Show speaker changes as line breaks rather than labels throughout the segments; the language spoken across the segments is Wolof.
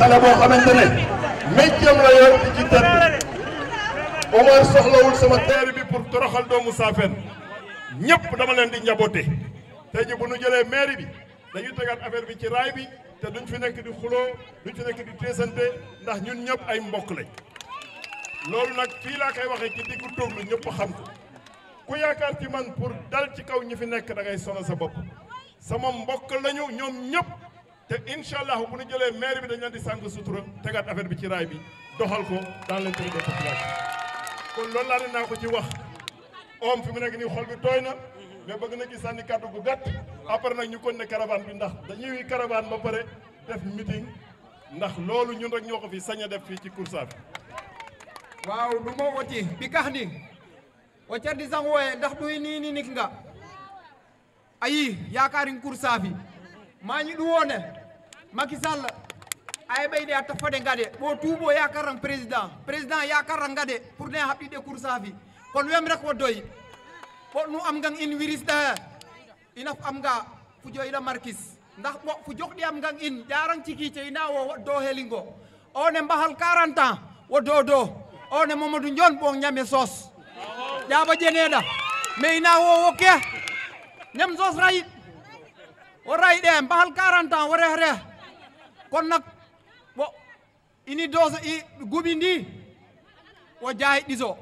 xale boo xamante ne méccam la yor di ci tëdd Omar soxlawul sama teer bi pour toroxal doomu Safen ñëpp dama leen di njaboote tey ji bu nu jëlee mairie bi dañuy tegaat affaire bi ci raay bi te duñ fi nekk di xuloo duñ fi nekk di teesante ndax ñun ñëpp ay mbokk lañ loolu nag fii laa koy waxee ci diggu tóoglu ñëpp xam ko ku yaakaar ci man pour dal ci kaw ñi fi nekk da ngay sono sa bopp sama mbokk lañu ñoom ñëpp te incha allah bu ñu jëlee maire bi dañ leen di sànq sutura tegaat affaire bi ci raay bi doxal ko dans l'intérêt des populations kon loolu laa ne naa ko ci wax om fi mu nekk nii xol bi tooy na mais bëgg na ci sànni kàddu gu gàtt après nag ñu kon ne caravane bi ndax dañuy caravane ba pare def meeting ndax loolu ñu rek ñoo fi sañ
a def fii ci Koursar waaw du ma woti bi kax ni o cardi sang wooye ndax duy ni ni nik nga ayi yaakaarin Koursar fi maa ñi woone Macky Sall ayɓeyde a taffade ngade ɓo tuubo yakaran président président yakaran ngade pour ne haɓɓiɗe cour safi kono wem rek wo doy ɓoɗnu am ngan in wirisɗa inaf am nga fujoyiɗa markis ndax ɓo fujoɗɗi am ngan in jaran cikice ina wo do helingo one mbahal 40 ans wo do do one mamadou ndion ɓo ñame sos ƴaɓa ƴeneɗa mais ina wowo ke ñam sos rayit wo rayiɗe mbahal 40 wo reh kon nak wo ini dose i guɓi ndi o jaayi ɗiso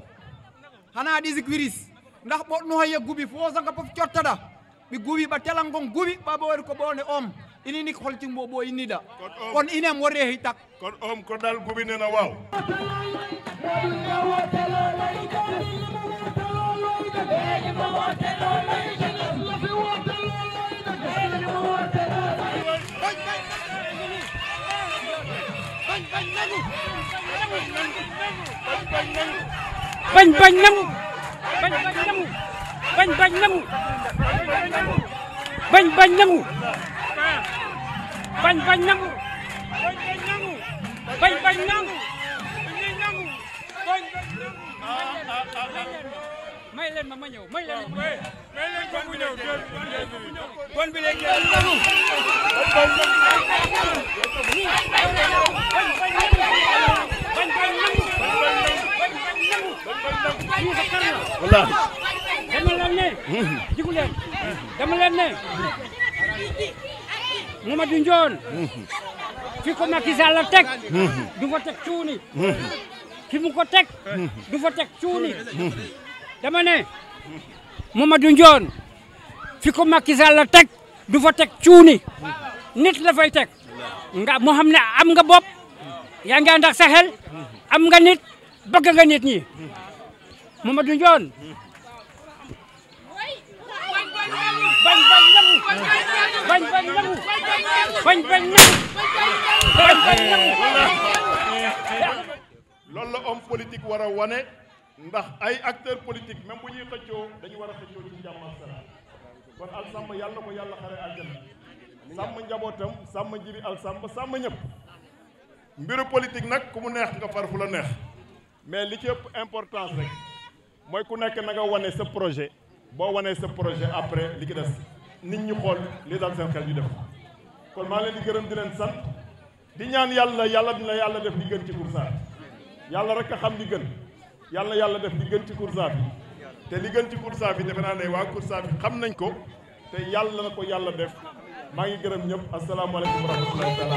hana ɗisi quiris ndax ɓoɗno hoye guɓi fo sanka poof cottaɗa ɓe guɓi ɓa telan kon guɓi ɓaɓa ko ɓowne om inini ko holtingo ɓoyinniɗa kono inem wori e hittak
bañ bañ nangu bañ bañ nangu bañ bañ nangu bañ bañ nangu bañ bañ nangu bañ bañ nangu bañ bañ nangu may leen ma ma ñëw may leen ma ma ñëw. may leen ko mu ñëw kon bi léegi wallaahi. dama leen ne. jigu leen. dama leen ne. Mamadou Ndione. fi ko Macky Sall teg. du fa teg cuuni. fi mu ko teg. du fa teg cuuni. dama ne Mamadou joon fi ko Macky la teg du fa teg cuuni nit la fay teg nga moo xam ne am nga bopp yaa ngi ànd ak am nga nit bëgg nga nit ñi Mamadou Ndione bañ bañ nangu bañ bañ nangu bañ bañ nangu bañ bañ
la homme war a ndax ay acteur politique même bu ñuy xëccoo dañu war a xëccoo ci jàmm ak salaam kon alsamba yàlla na ko yàlla xare àjjana sàmm njabootam sàmm njiri alsamba sàmm ñëpp mbiru politique nag ku mu neex nga far fu la neex mais li ci ëpp importance rek mooy ku nekk nag nga wane sa projet boo wanee sa projet après li ci des nit ñi xool li daal seen xel ñu def kon maa leen di gërëm di leen sant di ñaan yàlla yàlla la yàlla def li gën ci Gourssart yàlla rek a xam yàlla yàlla def li gën ci Koursaf yi te li gën ci Koursaf yi defe naa ne waa Koursaf yi xam nañ ko te yàlla na ko yàlla def maa ngi gërëm ñëpp asalaamaaleykum wa rahmatullahi taala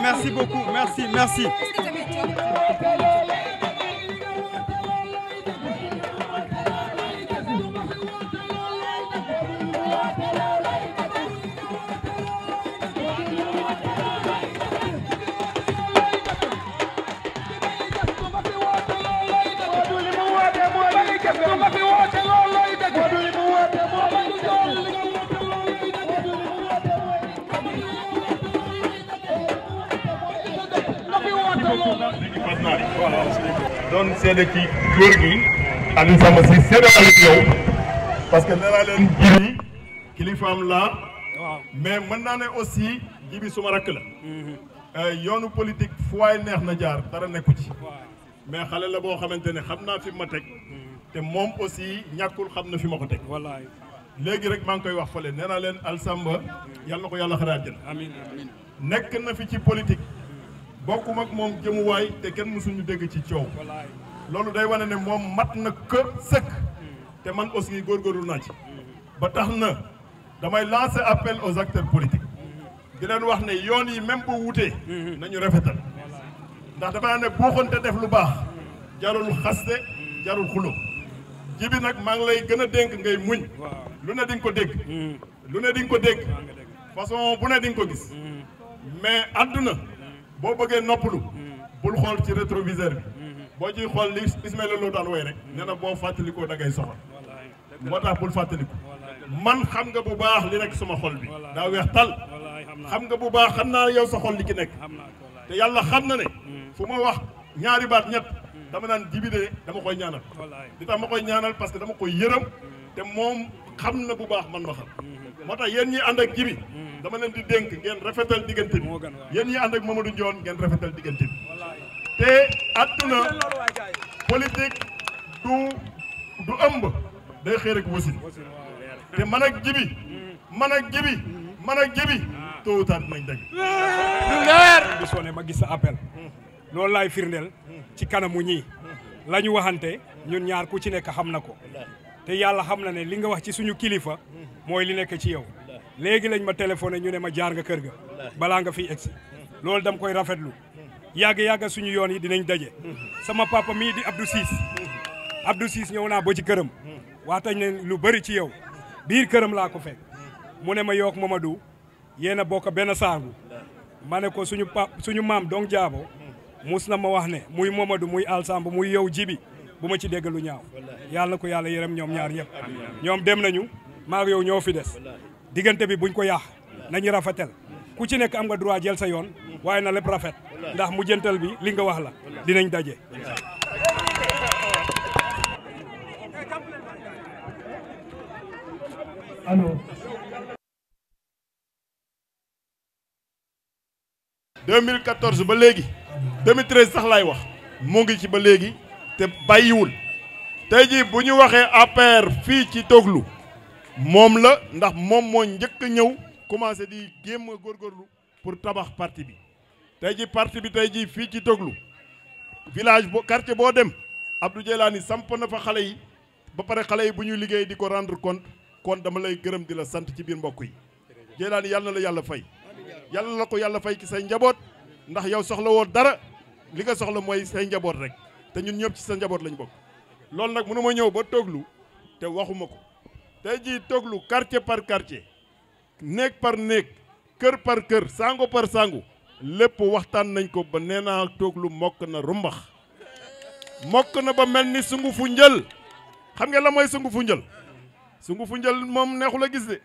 merci beaucoup merci merci.
doon seede ci góor gi Aliou Samba si yow parce que nee naa leen jiri kilifaam la mais mën naa ne aussi ji bi suma rakk la mm-hmm. euh, yoonu politique fu waaye neex na jaar dara nekku ci mais xale la boo xamante ne xam naa fi ma teg mm-hmm. te moom aussi ñàkkul xam na fi ma ko teg léegi rek maa ngi koy wax fële nee naa leen Alsamba mm-hmm. yàlla ko yàlla xaraat jën nekk na fi ci politique bokkuma ak moom jëmuwaay te kenn mësuñu dégg ci coow loolu day wane ne moom mat na kër sëkk te man aussi góor naa ci ba tax na damay lancer appel au acteurs politiques di leen wax ne yoon yi même bu wutee nañu rafetal ndax damaa ne buuxante def lu baax jarul xaste jarul xulo jibi nag maa ngi lay gën a dénk ngay muñ lu ne di ko dégg lu ne di ko dégg façon bu ne di ko gis hmm. mais àdduna boo bëggee noppalu. Hmm. bul xool ci rétroviseur bi. Hmm. boo ciy xool li Ismaïla Lo daan woy rek nee na boo fàttalikoo da ngay soxla moo tax bul fàttaliku man xam nga bu baax li nekk sama xol bi daa weex tal xam nga bu baax xam naa yow sa xol li ki nekk te yàlla xam na ne hmm. fu ma wax ñaari baat ñett dama naan jibide dama koy ñaanal li tax ma koy ñaanal parce que dama koy yërëm te moom xam na bu baax man ma xam moo tax yéen ñi ànd ak jibi hmm. dama leen di dénk ngeen rafetal diggante bi yéen ñi ànd ak Mamadou Ndione ngeen rafetal diggante bi te àdduna politique du du ëmb day xëy rek wasin te hmm. man ak jibi man ak jibi man ak jibi tôt ou tard dinañ daje bi sone ma gis sa appel hmm. loolu laay firndeel
ci kanamu ñii la ñu waxante ñun ñaar ku ci nekk xam na ko te yàlla xam na ne li nga wax ci suñu kilifa mooy li nekk ci yow léegi lañ ma téléphoné ñu ne ma jaar nga kër ga balaa nga fiy egsi loolu dam koy rafetlu yàgg-yàgg suñu yoon yi dinañ daje sama papa mii di Abdou Ciss Abdou Ciss ñëw naa ba ci këram waxtañ ne lu bëri ci yow biir këram laa ko fekk mu ne ma yook Mamadou yéen a bokk benn saangu ma ne ko suñu pa suñu maam donc jaabo mus na ma wax ne muy Mamadou muy alsamba muy yow jibi bu ma ci dégg lu ñaaw yàlla ko yàlla yërëm ñoom ñaar ñëpp ñoom dem nañu maa yow ñoo fi des diggante bi buñ ko yàq nañu rafetel ku ci nekk am nga droit jël sa yoon waaye na lépp rafet ndax mu jëntal bi li nga wax la
dinañ daje. allo. ba léegi 2013 sax laay wax mu ngi ci ba léegi. te bàyyiwul tey jii bu ñu waxee APR fii ci Doglu moom la ndax moom moo njëkk a ñëw commencé di géem a góorgóorlu pour tabax parti bi tey ji parti bi tey jii fii ci Doglu village bo quartier boo dem Abdou Djeylani samp na fa xale yi ba pare xale yi bu ñuy liggéey di ko rendre compte kon dama lay gërëm di la sant ci biir mbokk yi Djeylani yàlla na la yàlla fay yàlla la ko yàlla fay ci say njaboot ndax yow soxla woo dara li nga soxla mooy say njaboot rek te ñun ñëpp sa njaboot lañ bokk loolu nag mënu ma ñëw ba tooglu te waxuma ko te jii tooglu quartier par quartier néeg par néeg kër par kër sango par sango lépp waxtaan nañ ko ba nee naa tooglu mokk na rumbax mokk na ba mel ni sungufu njël xam nga la mooy sungufu njël sungu fu njël moom neexul a gis de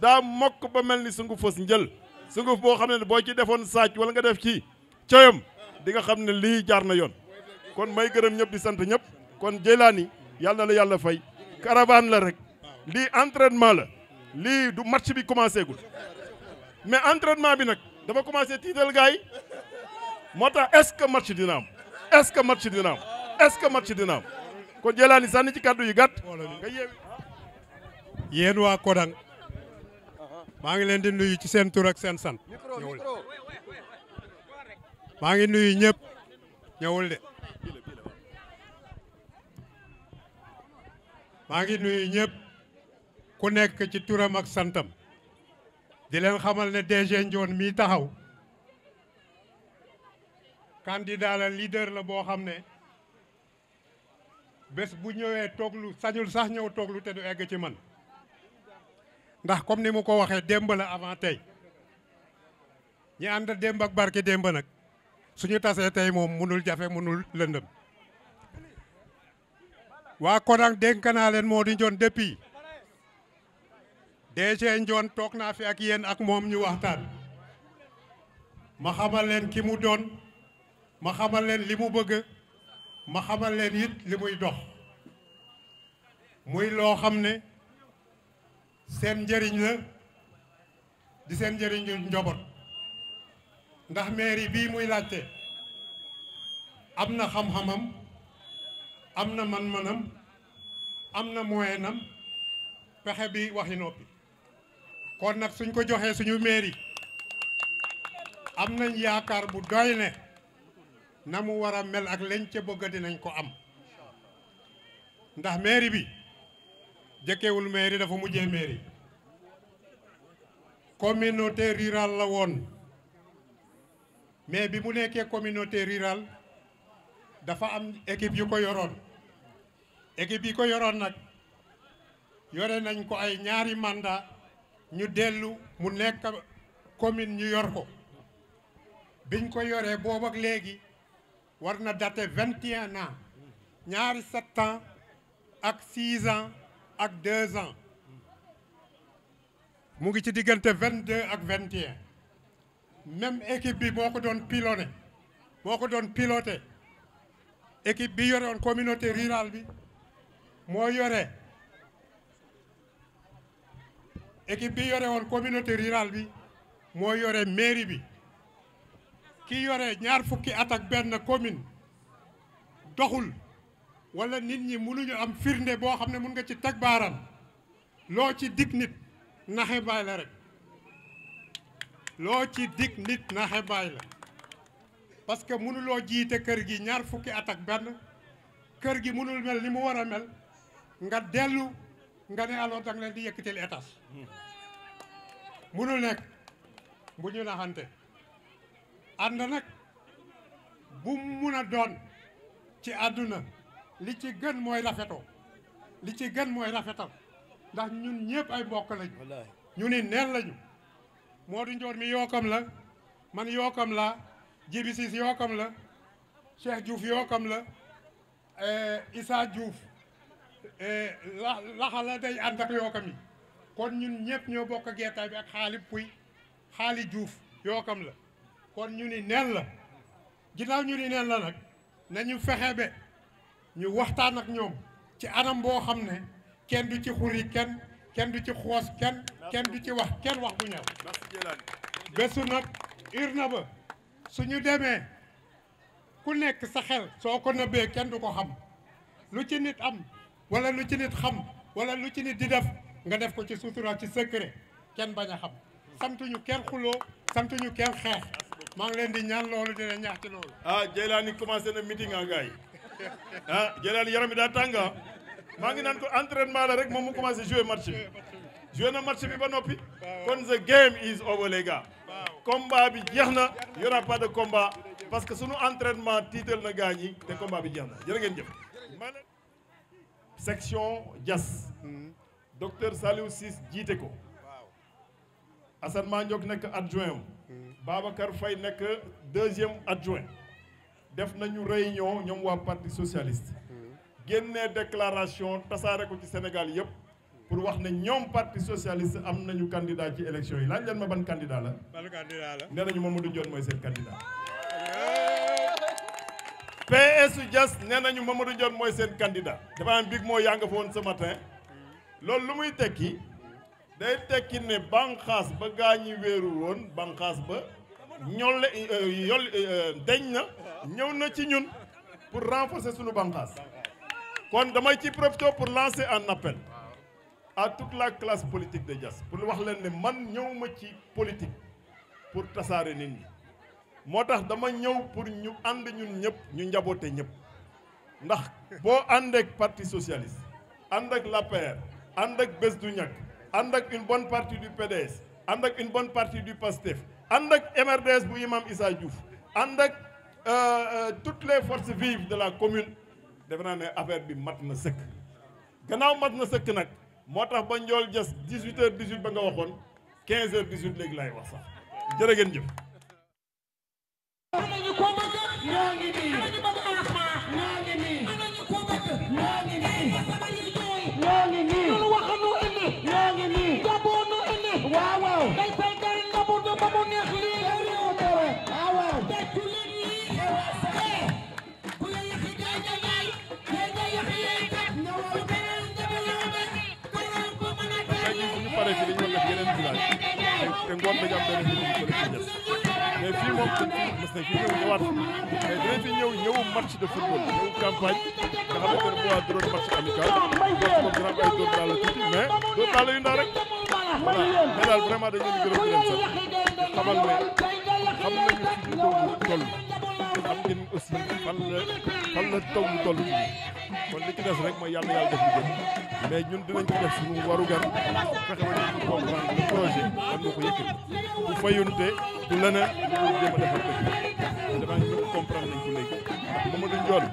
daa mokk ba mel ni sungu fos njël sunguf boo xam ne boo ci defoon saaj wala nga def ci coyam di nga xam ne lii jaar na yoon kon may gërëm ñëpp di sant ñëpp kon Jeylaani yàlla na la yàlla fay caravane la rek lii entraînement la lii du match bi commencé gul mais entraînement bi nag dafa commencé tiital gars yi moo tax est-ce que match dina am est que match dina am est-ce que match dina am kon Jeylaani sànni ci kàddu yu gàtt nga yeewi
yéen waa Kodang maa ngi leen di nuyu ci seen tur ak seen sant ñëwul maa ngi nuyu ñëpp ñëwul de maa ngi nuyu ñëpp ku nekk ci turam ak santam di leen xamal ne DG Ndione mii taxaw candidat la leader la boo xam ne bés bu ñëwee tooglu sañul sax ñëw tooglu te du egg ci man ndax comme ni mu ko waxee démb la avant tey ñi ànd démb ak barke démb nag suñu tasee tey moom mënul jafe mënul lëndëm waa Kodang dénk naa leen Modou Ndione depuis DG Ndione toog naa fi ak yéen ak moom ñu waxtaan ma xamal leen ki mu doon ma xamal leen li mu bëgg ma xamal leen yit li muy dox muy loo xam ne seen njëriñ la di seen njëriñu njaboot ndax mairie bii muy laajte am na xam-xamam am na man-manam am na moyen am pexe bi waxi noppi kon nag suñ ko joxee suñu mairie am nañ yaakaar bu doy ne na mu war a mel ak lañ ca bëgg dinañ ko am ndax mairie bi jëkkewul mairie dafa mujjee mairie communauté rurale la woon mais bi mu nekkee communauté rurale dafa am équipe yu ko yoroon équipe yi ko yoroon nag yore nañ ko ay ñaari mandat ñu dellu mu nekk commune ñu yor ko biñ ko yoree boobu ak léegi war na daté vingt et un ñaari sept ans ak six ans ak deux ans mu ngi ci diggante vingt deux ak vingt et un même équipe bi boo ko doon piloté boo ko doon piloté équipe bi yore woon communauté rurale bi moo yore équipe bi yore woon communauté rurale bi moo yore mairie bi ki yore ñaar fukki at ak benn commune doxul walla nit ñi mënuñu am firnde boo xam ne mun nga ci teg baaram loo ci dig nit naxe baay la rek loo ci dig nit naxe baay la parce que mënuloo jiite kër gi ñaar fukki at ak benn kër gi mënul mel ni mu war a mel nga dellu nga ne alors danga leen di yëkkatil étage mënul nekk bu ñu naxante ànd nag bu mun a doon ci àdduna li ci gën mooy rafetoo li ci gën mooy rafetal ndax ñun ñëpp ay mbokk lañu ñu ni neen lañu Modou Ndior mi yookam la man yookam laa Jibi Cissé yoo kam la Cheikh Diouf yoo kam la eh, Issa Diouf eh, la laxa la day ànd yoo kam yi kon ñun ñëpp ñoo bokk geetaay bi ak xaali puy xaali Diouf yoo kam la kon ñu ni neen la ginnaaw ñu ni neen la nag nañu fexe ba ñu waxtaan ak ñoom ci anam boo xam ne kenn du ci xuri kenn kenn du ci xoos kenn kenn du ci wax kenn wax bu ñaaw bésu nag urne ba su ñu demee ku nekk sa xel soo ko nëbbee kenn du ko xam lu ci nit am wala lu ci nit xam wala lu ci nit di def nga def ko ci sutura ci secret kenn bañ a xam samtuñu kenn xuloo samtuñu kenn xeex maa ngi leen di ñaan loolu dina ñaax ci loolu
ah Jeylaani commencé na meeting a ah, gars yi ah yaram bi daa tànga ah. maa ngi naan ko entraînement la rek moom mu commencé jouer match bi jouer na match bi ba noppi kon the game is over les combat bi jeex na y aura pas de combat parce que sunu entraînement tiital na gaañ yi te combat bi jeex na jërë ngeen jëf. section Diass hmm. docteur Saliou Ciss jiite ko Assane Mandiok nekk adjoint am hmm. Babacar fay nekk deuxième adjoint def nañu réunion ñoom waa parti socialiste hmm. génnee déclaration tasaare ko ci Sénégal yëpp. pour wax ne ñoom parti socialiste am nañu candidat ci élection yi laaj leen ma ban candidat la. ban candidat la nee nañu Mamadou Dione mooy seen candidat. PS Dias nee nañu Mamadou Dione mooy seen candidat. dafa am big moo yaa nga fa woon ce matin. Mm. loolu lu muy tekki day tekki ne banqaas ba gaa ñi wéeru woon banqaas ba ñolle euh, yol euh, deñ na ñëw na ci ñun pour renforcer suñu banqaas kon damay ci profité pour lancer en appel. à toute la classe politique de Diass pour wax leen ne man ñëw ma ci politique pour tasaare nit moo tax dama ñëw pour ñu ànd ñun ñëpp ñu njaboote ñëpp ndax boo ànd ak parti socialiste ànd ak l'APR ànd ak bés du ñàkk ànd ak une bonne partie du PDS ànd ak une bonne partie du PASTEF ànd ak MRDS bu Imam Issa Diouf ànd ak euh, euh, toutes les forces vives de la commune defe naa ne affaire bi mat na sëkk gannaaw mat na sëkk nag moo tax ba njool jas 18 heures 18 ba nga waxoon 15 heures 18 léegi laay wax sax jërë ngeen jëf. te ngoon dañu am benn équipe bu ko mais fii moom te mës na fi ñëw ñëwaat mais dinañ fi ñëw ñëwu match de football ñëw campagne nga xamante ne bu waa drone match amical bokk ko dina am ay dóor daal la tuuti mais vraiment dañu leen di gërëm di leen fan la fan la taw lu kon li ci des rek mooy yàlla yàlla def lu mais ñun dinañ ko def suñu warugar fexe ba ñu comprendre le projet man ko yëkkati bu fayunte du leneen lu jéem a defar dëkk damaa ñëpp comprendre nañ ko léegi ndax Mamadou Ndione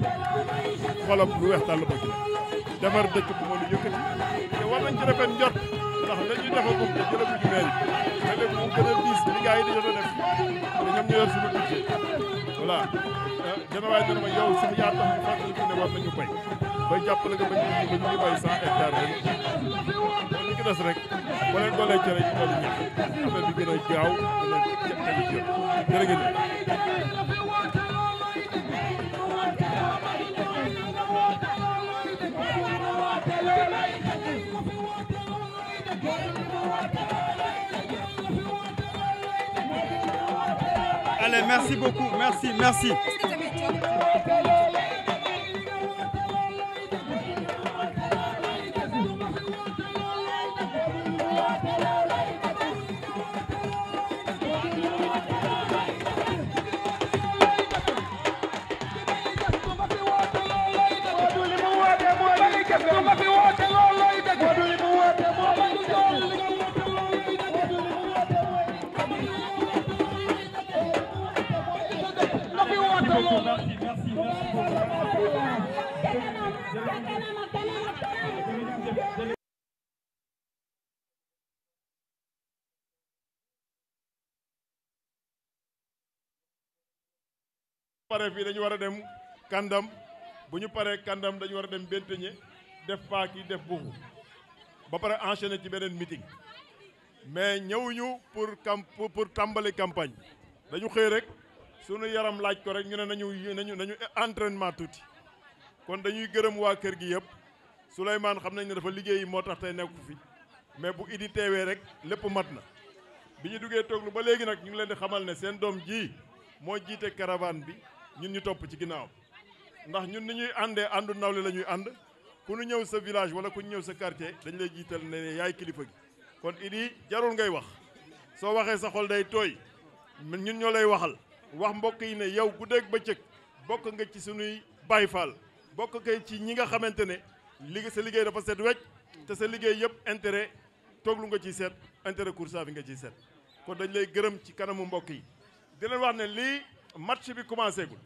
xolam lu weex tàll bëgg bu ma lu yëkkati te war nañ ci rafet njort ndax la ñuy defagum te jëlagu ci mairie mais mu gën a diis li di jot a def te ñoom ñu yor suñu budget voilà euh, ma yow suñu yaar tax ñu fàttali ne war nañu bay bay jàppale nga ba ñu ba ñu ngi bay 100 hectares rek li ci des rek boo leen doolee cere ñu doon ñax affaire bi gën a gaaw gën a jënd jërë ngeen
Allez, merci beaucoup, merci, merci.
pare fii dañu
war a dem kàndam bu ñu paree kàndam dañu war a dem benteñe def paaki def buuxu ba pare enchaîner ci beneen meeting mais ñëwuñu pour camp pour tàmbali campagne dañu xëy rek sunu yaram laaj ko rek ñu ne nañu nañu nañu entraînement tuuti kon dañuy gërëm waa kër gi yëpp Souleymane xam nañ ne dafa liggéeyi moo tax tey nekku fi mais bu idi teewee rek lépp mat na bi ñu duggee tooglu ba léegi nag ñu ngi leen di xamal ne seen doom jii moo jiite caravane bi ñun ñu topp ci ginnaaw ndax ñun ni ñuy àndee àndu nawle la ñuy ànd ku ñu ñëw sa village wala ku ñëw sa quartier dañ lay jiital ne yaay kilifa gi kon idi jarul ngay wax soo waxee sa xol day tooy ñun ñoo lay waxal wax mbokk yi ne yow guddeeg bëccëg bokk nga ci sunuy Baay Faal bokk kay ci ñi nga xamante ne liggéey sa liggéey dafa set wecc te sa liggéey yëpp intérêt tooglu nga ciy seet intérêt Koursava bi nga ciy seet kon dañu lay gërëm ci kanamu mbokk yi di leen wax ne lii match bi commencé gul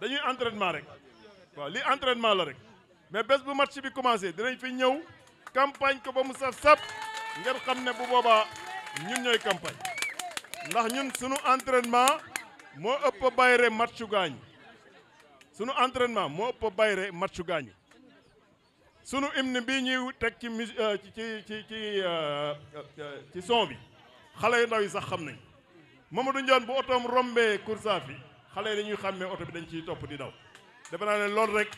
dañuy entraînement rek waaw lii entraînement la rek mais bes bu match bi commencé dinañ fi ñëw campagne ko ba mu saf sap ngeen xam ne bu boobaa ñun ñooy campagne ndax ñun suñu entraînement moo ëpp bayre matchu gaañ sunu entraînement moo ëpp bayre matchu gaañu sunu hymne bii ñuy teg ci mis euh, ci ci ci euh, ci son bi xale yu ndaw yi sax xam nañ moom Mamadou Ndione bu otoom rombee Koursaafi xale yi dañuy xàmmee oto bi dañ ciy topp di daw defe naa ne loolu rek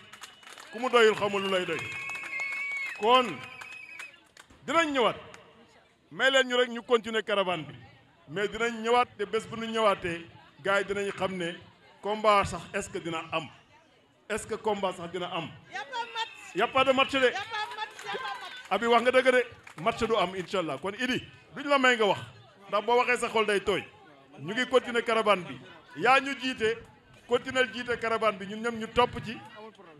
ku mu doyul xamul lu lay doy kon dinañ ñëwaat may leen ñu rek ñu continuer caravane bi mais dinañ ñëwaat te bés bu nu ñëwaatee gars yi dinañ xam ne combat sax est-ce que dina am est-ce que combat sax dina am. y a match de. abi wax nga dëgg de match du am incha allah kon idi duñ la may nga wax ndax boo waxee sa xol day tooy ñu ngi continuer caravane bi yaa ñu jiite continuer jiite caravane bi ñu ñoom ñu topp ci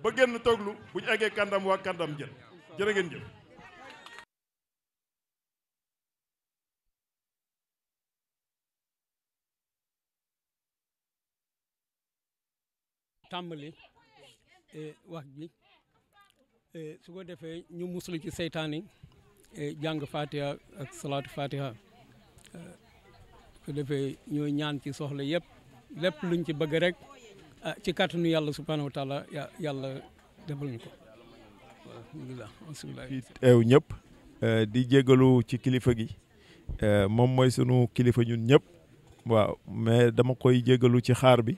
ba génn tooglu bu ñu eggee kàndam waa kàndam jël jërë ngeen jëf.
tàmbali. Eh, wax ji eh, su ko defee ñu muslu ci seytaan yi eh, jàng fatiha ak salaatu fatiha su ko defee ñooy ñaan ci soxla yëpp lépp luñ ci bëgg rek ah, ci kàttanu yàlla subhaanahu wa yàlla defal ñu ko alhamdulilah fi
ñëpp di jégalu ci kilifa gi moom mooy sunu kilifa ñun ñëpp waaw mais dama koy jégalu ci xaar bi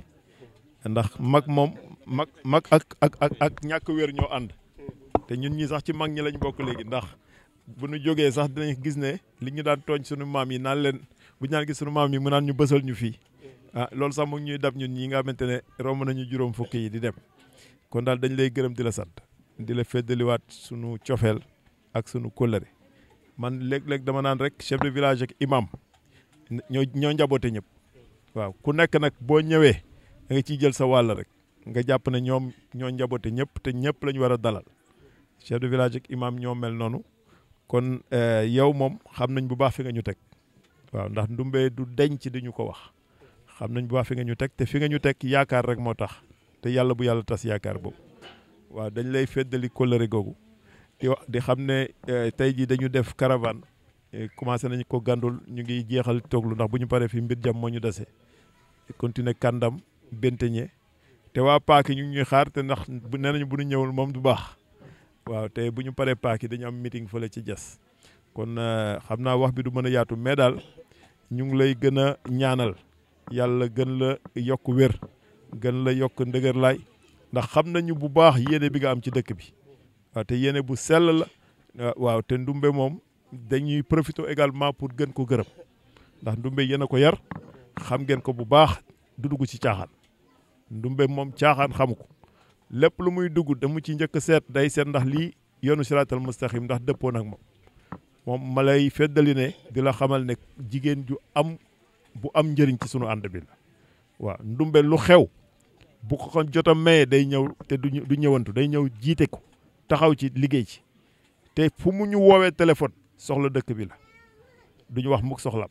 ndax mag moom mag mag ak ak ak ak ñàkk wér ñoo ànd te ñun ñi sax ci mag ñi lañ bokk léegi ndax bu nu jógee sax dinañ gis ne li ñu daan tooñ sunu maam yi naan leen bu ñu daan gis sunu maam yi mu naan ñu bësal ñu fii ah loolu sax mu ñuy dab ñun ñi nga xamante ne romb nañu juróom fukki yi di dem kon daal dañ lay gërëm di la sant di la feddaliwaat sunu cofeel ak sunu kóllëre man léeg-léeg dama naan rek chef de village ak imam ñoo njaboote ñëpp waaw ku nekk nag boo ñëwee da nga ciy jël sa wàll rek nga jàpp ne ñoom ñoo njaboote ñëpp te ñëpp la ñu war a dalal chef de village ak imam ñoo mel noonu kon eh, yow moom xam nañ bu baax fi nga ñu teg waaw ndax ndumbee du denc di ñu ko wax xam nañ bu baax fi nga ñu teg te fi nga ñu teg yaakaar rek moo tax te yàlla bu yàlla tas yaakaar boobu waaw dañ lay feddali kóllëre googu di xam ne eh, tey jii dañu def caravane eh, commencé nañ ko gàndul ñu ngi jeexal toglu ndax bu ñu paree fi mbir jam moo ñu dese continuer kàndam benteñe te waa paaki ñu ñuy xaar te ndax bu nee nañu bu nu ñëwul moom du baax waaw te bu ñu paree paaki dañu am meeting fële ci jas kon euh, xam naa wax bi du mën a yaatu mais daal ñu ngi lay gën a ñaanal yàlla gën la yokk wér gën la yokk ndëgër laay ndax xam nañu bu baax yéene bi nga am ci dëkk bi waaw te yéene bu sell la euh, waaw te ndumbe moom dañuy profité également pour gën ko gërëm ndax ndumbe yéen a ko yar xam ngeen ko bu baax du dugg ci caaxaan ndumbe moom caaxaan xamu ko lépp lu muy dugg damu ci njëkk seet day seet ndax lii yoonu siraatal mustaqim ndax dëppoon ak moom moom ma lay feddali ne di la xamal ne jigéen ju am bu am njëriñ ci sunu ànd bi la waaw ndumbe lu xew bu ko kon jot a maye day ñëw te du du ñëwantu day ñëw jiite ko taxaw ci liggéey ci te fu mu ñu woowee téléphone soxla dëkk bi la duñu wax mukk soxla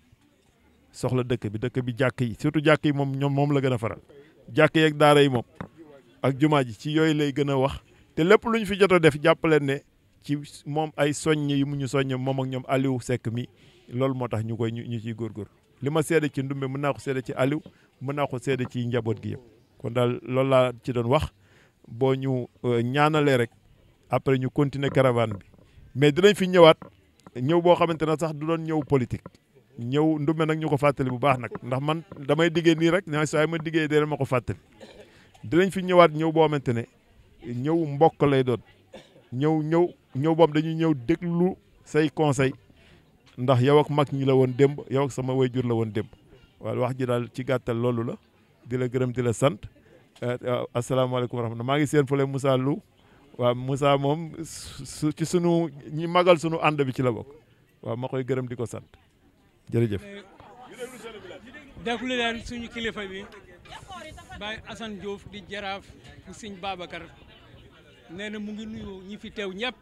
soxla dëkk bi dëkk bi jàkk yi surtout jàkk yi moom ñoom moom la gën a faral jàkk yeeg daara yi moom ak jumaa ji ci yooyu lay gën a wax te lépp lu ñu fi jot a def jàppaleen ne ci moom ay soññ yi mu ñu soññ moom ak ñoom Aliou sekk mi loolu moo tax ñu koy ñu ciy góorgóor li ma seede ci ndumbe mën naa ko seede ci Aliou mën naa ko seede ci njaboot gi yëpp kon daal loolu laa ci doon wax boo ñu euh, ñaanalee rek après ñu continuer caravane bi mais dinañ fi ñëwaat ñëw boo xamante ne sax du doon ñëw politique ñëw ndumbe nag ñu ko fàttali bu baax nag ndax man damay diggee nii rek na saa ma diggee dee ma ko fàttali dinañ fi ñëwaat ñëw boo xamante ne ñëw mbokk lay doon ñëw ñëw ñëw boobu dañuy ñëw déglu say conseil ndax yow ak mag ñi la woon démb yow ak sama jur la woon démb waaw wax ji daal ci gàttal loolu la di la gërëm di la sant eh, asalaamaaleykum wa rahmatulah maa ngi seen fële Moussa lu waa Moussa moom su ci sunu ñi magal sunu ànd bi ci la bokk waaw ma koy gërëm di ko sant. jërëjëf.
déglu leen suñu kilifa bi Baye Assane Diouf di jaraaf bu Sëñ Babacar nee na mu ngi nuyu ñi fi teew ñëpp.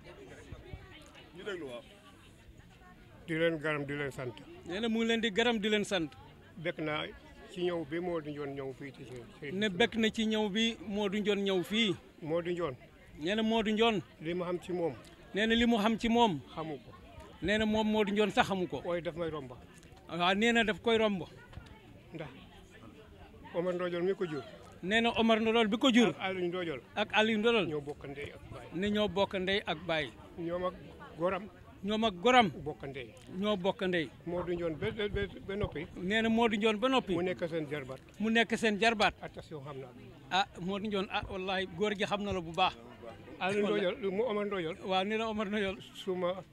di leen garam di leen sant. nee na mu ngi leen di garam di leen sant. bekk naa ci ñëw bi moo di njoon ñëw fii ci ne bekk na ci ñëw bi moo du njoon ñëw fii. moo di njoon. nee na moo du njoon. li mu xam ci moom. nee na li mu xam ci moom. xamu nee na moom Modou Ndione sax xamu ko. waaye daf may romb. nee na daf koy romb. ndax Omar Ndojol mi ko jur. nee na Omar Ndojol bi ko jur. ak Aliou Ndojol. ak Aliou Ndojol. ñoo bokk ndey ak baay. ne ñoo ak baay. ñoom ñoom ak goram. bokk ndey. ñoo bokk ndey. Modou Ndione ba ba noppi. nee na Modou Ndione ba noppi. mu nekk seen jarbaat. mu nekk seen jarbaat. attention xam naa ah Modou Ndione ah góor gi xam na la bu baax. Aliou Ndojol mu Omar Ndojol. waaw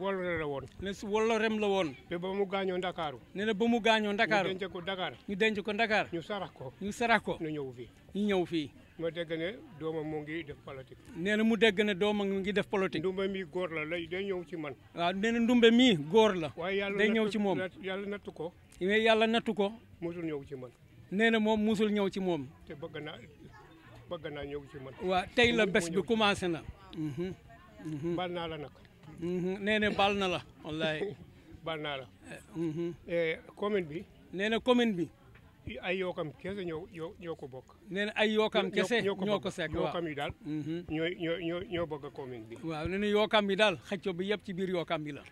wolore la woon ne su wolorem la woon te ba mu gaañoo ndakaaru ne na ba mu gaañoo ndakaaru ñu denc ko Dakar ñu denc ko Dakar ñu sarax ko ñu sarax ko ñu ñëw fii ñu ñëw fii ma dégg ne doomam mu ngi def politique nee na mu dégg ne doomam mu ngi def politique ndumbe mii góor la lay day ñëw ci man waaw nee ndumbe mii góor la waaye yàlla day ñëw ci moom yàlla nattu ko yàlla nattu ko musul ñëw ci man nee na moom musul ñëw ci moom te bëgg naa bëgg naa ñëw ci man waaw tey la bés bi commencé na mhm, mhm. naa la nag Mm-hmm. nee na baal na la wallaay. baal naa la. Mm-hmm. Eh, commune bi. nee na commune bi. ay yookam kese ñoo ñoo ñoo ko bokk. nee na ay yokkam kese ñoo ko sekk waaw yookam yi daal. ñoo mm-hmm. ñoo ñoo bokk commune bi. waaw nee na yookam yi daal xëccoo bi yëpp ci biir yookam yi la.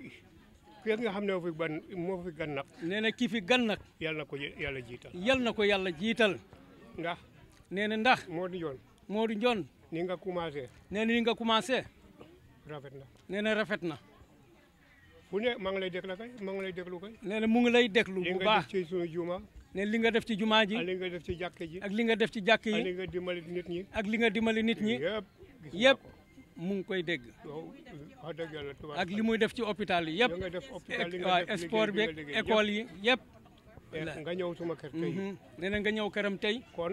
kii nga xam ne moo fi gan moo fi gan nag. nee na kii fi gan nag. yal na ko yàlla jiital. yal na ko yàlla jiital. ndax. nee na ndax. Modou Ndione. Modou Ndione. ni nga commencé. nee na ni nga commencé. rafet na nee na rafet na. bu ne maa ngi lay déglu kay maa ngi lay déglu kay. nee na mu ngi lay déglu bu baax li nga def ne li nga def ci jumaa ji. ak li nga def ci jàkk ji. ak li nga def ci jàkk yi. ak li nga dimbali nit ñi. ak li nga dimbali nit ñi. yëpp mu ngi koy dégg. ak li muy def ci hôpital yi yëpp. waaw sport bi école yi yëpp.
Eh, nga ñëw
suma kër tey. Mhm. nee na nga ñëw këram tey. kon.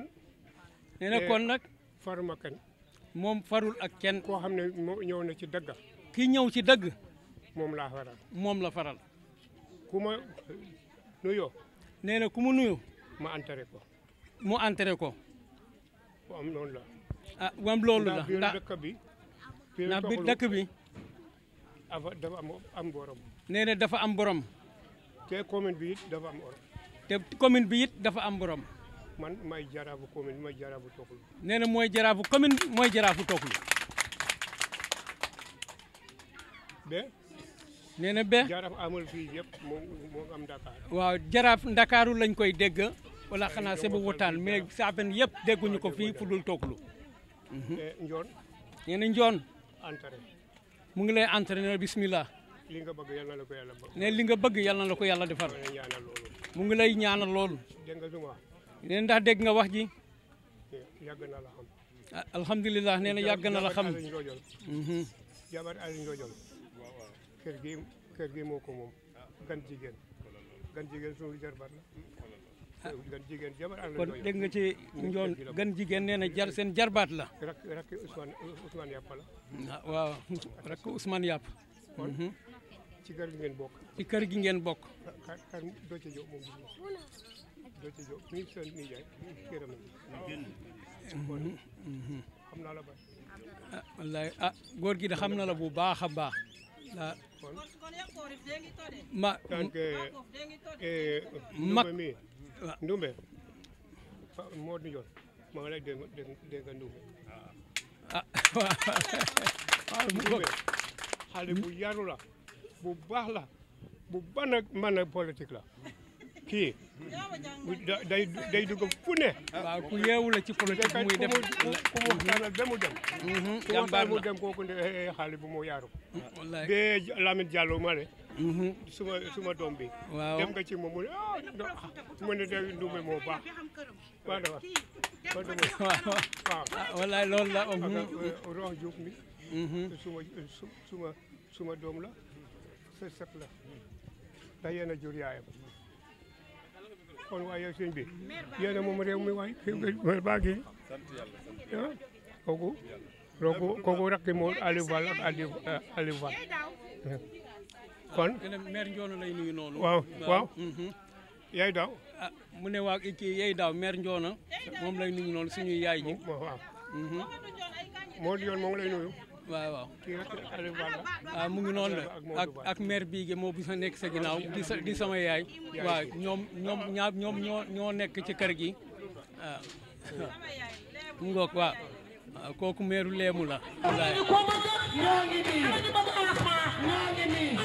nee kon eh, nag. farma moom farul ak kenn. koo xam ne ñëw na ci dëgg. kii ñëw ci dëgg. moom laa faral. moom la faral. ku ma nuyoo. nee na ku mu nuyu. ma enteré ko. mu enteré ko. am loolu la. ah wam loolu la ndax dëkk bi. ndax biir dëkk bi. dafa am borom. nee na dafa am borom. te commune bi it dafa am borom. te commune bi it dafa am borom. man maay jaraabu commune bi maay jaraabu Tooxlu. nee na mooy jaraabu commune mooy jaraabu Tooxlu. be. nee na be jaraaf amul fii yëpp moom am Dakar. waaw jaraaf Ndakaaru lañ koy dégg. wala xanaa seba wutaan mais saafen yëpp dégguñu ko fii fu dul Tooxlu. Njoon. nee na Njoon. entraîné. mu ngi lay entraîné bismillah. li nga bëgg yàlla na la ko li nga bëgg yàlla na la ko yàlla defal. mu ngi lay ñaanal loolu. nee ndax dégg nga wax ji. yàgg na la xam. Ah, alhamdulilah nee na yàgg na la xam. jabar Aliou Ndiodiol. Mhm. kër kër gi moo ko moom jigéen gan jigéen suñu jarbaat la. jigéen jabar Aliou kon dégg nga ci njoon gan jigéen nee na jar seen jarbaat la. rakk rakk Ousmane Ousmane Yàpp la. Ah, mhm. ci kër gi ngeen bokk. ci kër gi ngeen bokk. Dodo Diop mi ngi sonn góor gi de xam na la bu baax a baax. ah ma. Ndumbe Modou Ndiol maa ngi lay dégg dégg nga Ndumbe. ah waaw. xale bu yaru la bu baax la bu ban ak mën la. kii day day dugg waaw ku yeewu la ci politique muy dem ku mu dem.
Mhm, jàmbaar la mu
bu eh, eh, mu yaaru. wallaay bee Lamine Diallo ma ne. Mhm. suma doom bi. waaw dem nga ci moom mu ne ah mu ne day ndume moo baax. waaw ah, loolu la. Mhm. Eh, rox Diouf mi. suma suma doom la. sa la. da yéen a jur yaayam. kon waaye yow sëñ bi yéen a moom réew mi waay kii baa ngi ah kooku kooku kooku rakki moo Aliou Fall ah, kon maire Ndione lay nuyu noonu waaw waaw yaay ah, mu ne waa kii yaay daaw maire Ndione moom lay nuyu noonu suñuy yaay ji waaw mhm. moo yoon moom lay nuyu waaw waaw waaw ah, mu ngi noonu la ak ak maire Biége moo bu sa nekk sa ginnaaw di sa di sama yaay waaw ñoom ñoom ñoo nekk ci kër gi waaw ah. mu ngoog waaw ah, kooku maire Lému la.
ñoo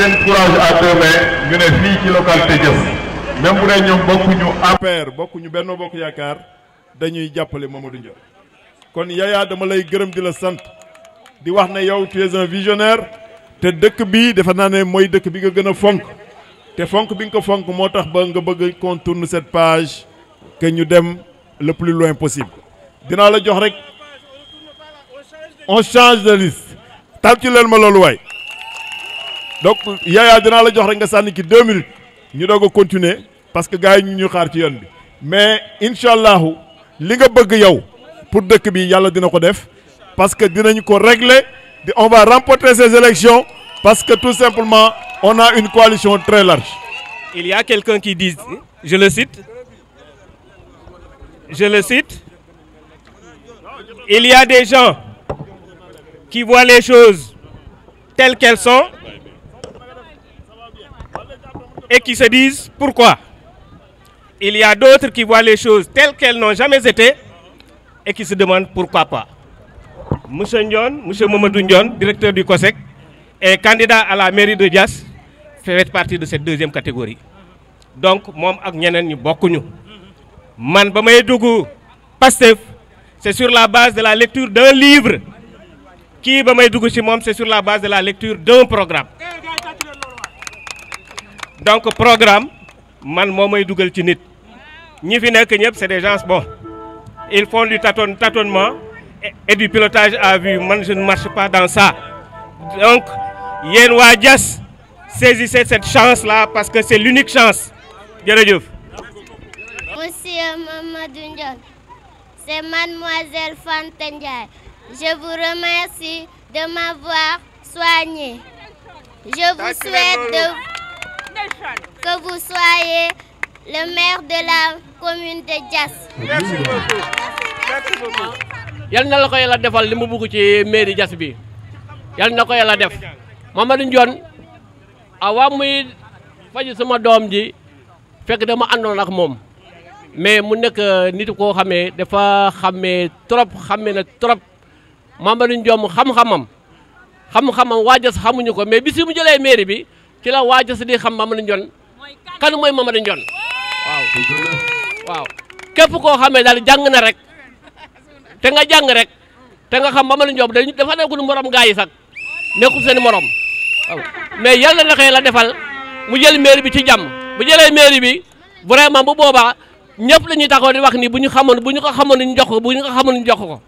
seen courage à deux mains ñu ne fii ci localité Diass même bu ñoom bokkuñu APR bokkuñu Benno Bokk Yaakaar dañuy jàppale Mamadou Ndiaye kon Yaya dama lay gërëm di la sant di wax ne yow tu es un visionnaire te dëkk bi defe naa ne mooy dëkk bi nga gën a fonk te fonk bi nga ko fonk moo tax ba nga bëgg qu'on tourne cette page que ñu dem le plus loin possible dinaa la jox rek on change de liste ci leen ma loolu waay donc yaayaa dinaa la jox rek nga sànni ki deux minutes ñu doog a continuer parce que gars yi ñu ñu xaar ci yoon bi mais incha allahu li nga bëgg yow pour dëkk bi yàlla dina ko def parce que dinañu ko régler di on va remporter ces élections parce que tout simplement on a une coalition très large.
il y a quelqu'un qui dit je le cite je le cite il y des gens qui voient les choses telles qu'elles sont et qui se disent pourquoi. Il ya a d'autres qui voient les choses telles qu'elles n'ont jamais été et qui demande demandent pourquoi pas. Monsieur Ndion, Monsieur Mamadou Ndion, directeur du COSEC et candidat à la mairie de Dias, fait partie de cette deuxième catégorie. Donc moom ak ñeneen ñi bokkuñu. man ba may dugg Pastef c'est sur la base de la lecture d'un livre kii ba may dugg ci moom c'est sur la base de la lecture d'un programme donc programme man moo may dugal ci nit ñi fi nekk ñëpp c'est des gens bons ils font du tâton tâtonnement et du pilotage à vue man je ne marche pas dans ça donc yéen waa Diass saisissez cette chance là parce que c'est l'unique chance jërëjëf.
Monsieur Mamadou Ndiol, c'est mademoiselle Fanta Je vous remercie de m'avoir soigné. que vous le maire de la commune de Diass.
merci beaucoup yal na la defal li mu bugg ci mairie Diass bi yal na ko yàlla def Mamadou Ndione a waa muy faji sama doom ji fekk dama àndoon ak moom mais mu nekk euh, nit koo xamee dafa xamee trop xamee na trop Mamadou Ndione xam-xamam xam-xamam waa Diass xamuñu ko mais bi si mu jëlee mairie bi. kila la waajo si di xam Mamadou Ndione kan mooy Mamadou Ndione waaw waaw képp koo xamee daal jàng na rek te nga jàng rek te nga xam Mamadou Ndione dañu dafa nekkul morom gaa yi sax nekkul seen morom waaw mais yàlla na la defal mu jël mairie bi ci jàmm bu jëlee mairie bi vraiment bu boobaa ñëpp la ñuy taxaw di wax ni bu ñu xamoon bu ñu ko xamoon ñu jox ko bu ñu ko xamoon ñu jox ko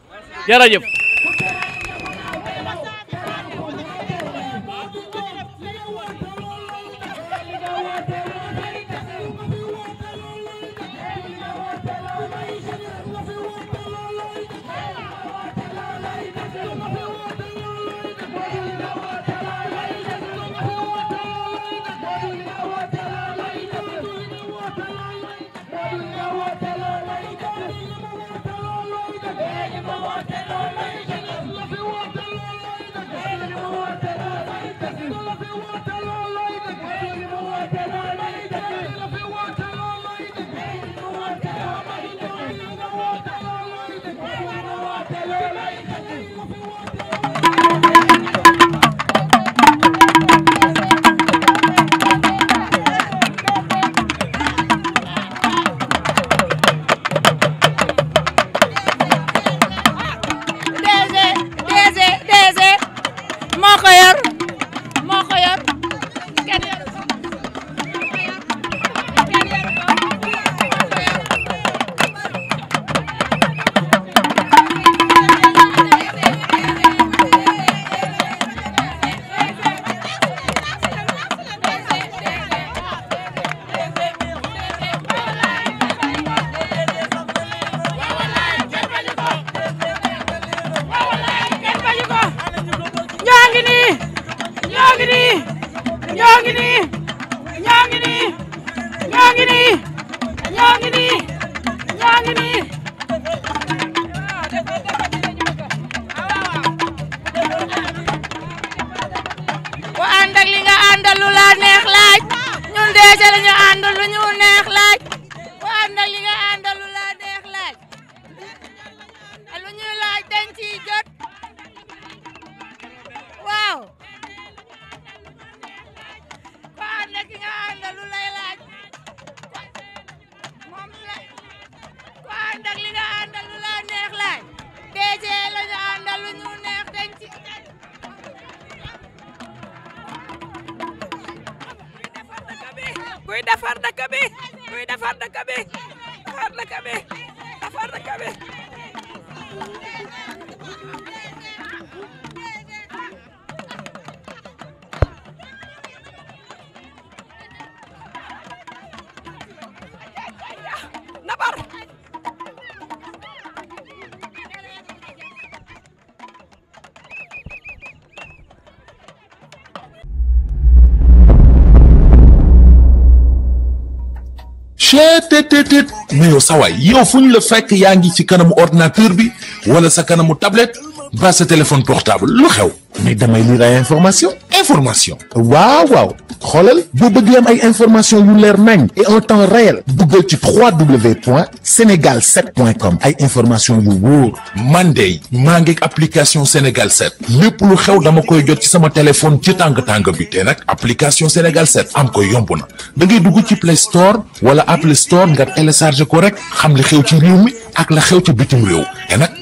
cheetetetet mais yow sa waay yow fu ñu la fekk yaa ngi ci kanamu ordinateur bi wala sa kanamu tablette ba sa téléphone portable lu xew mais damay lire ay information information waaw waaw xoolal boo bëgg am ay information yu leer nañ et en temps réel duggal ci 3w point sénégal 7 point com ay information yu wóor man maa ngi application sénégal 7 lépp lu xew dama koy jot ci sama téléphone ci tàng tàng bi te nag application sénégal 7 am ko yomb na dangay dugg ci play store wala apple store nga télécharge ko rek xam li xew ci réew mi ak la xew ci bitim réew te nag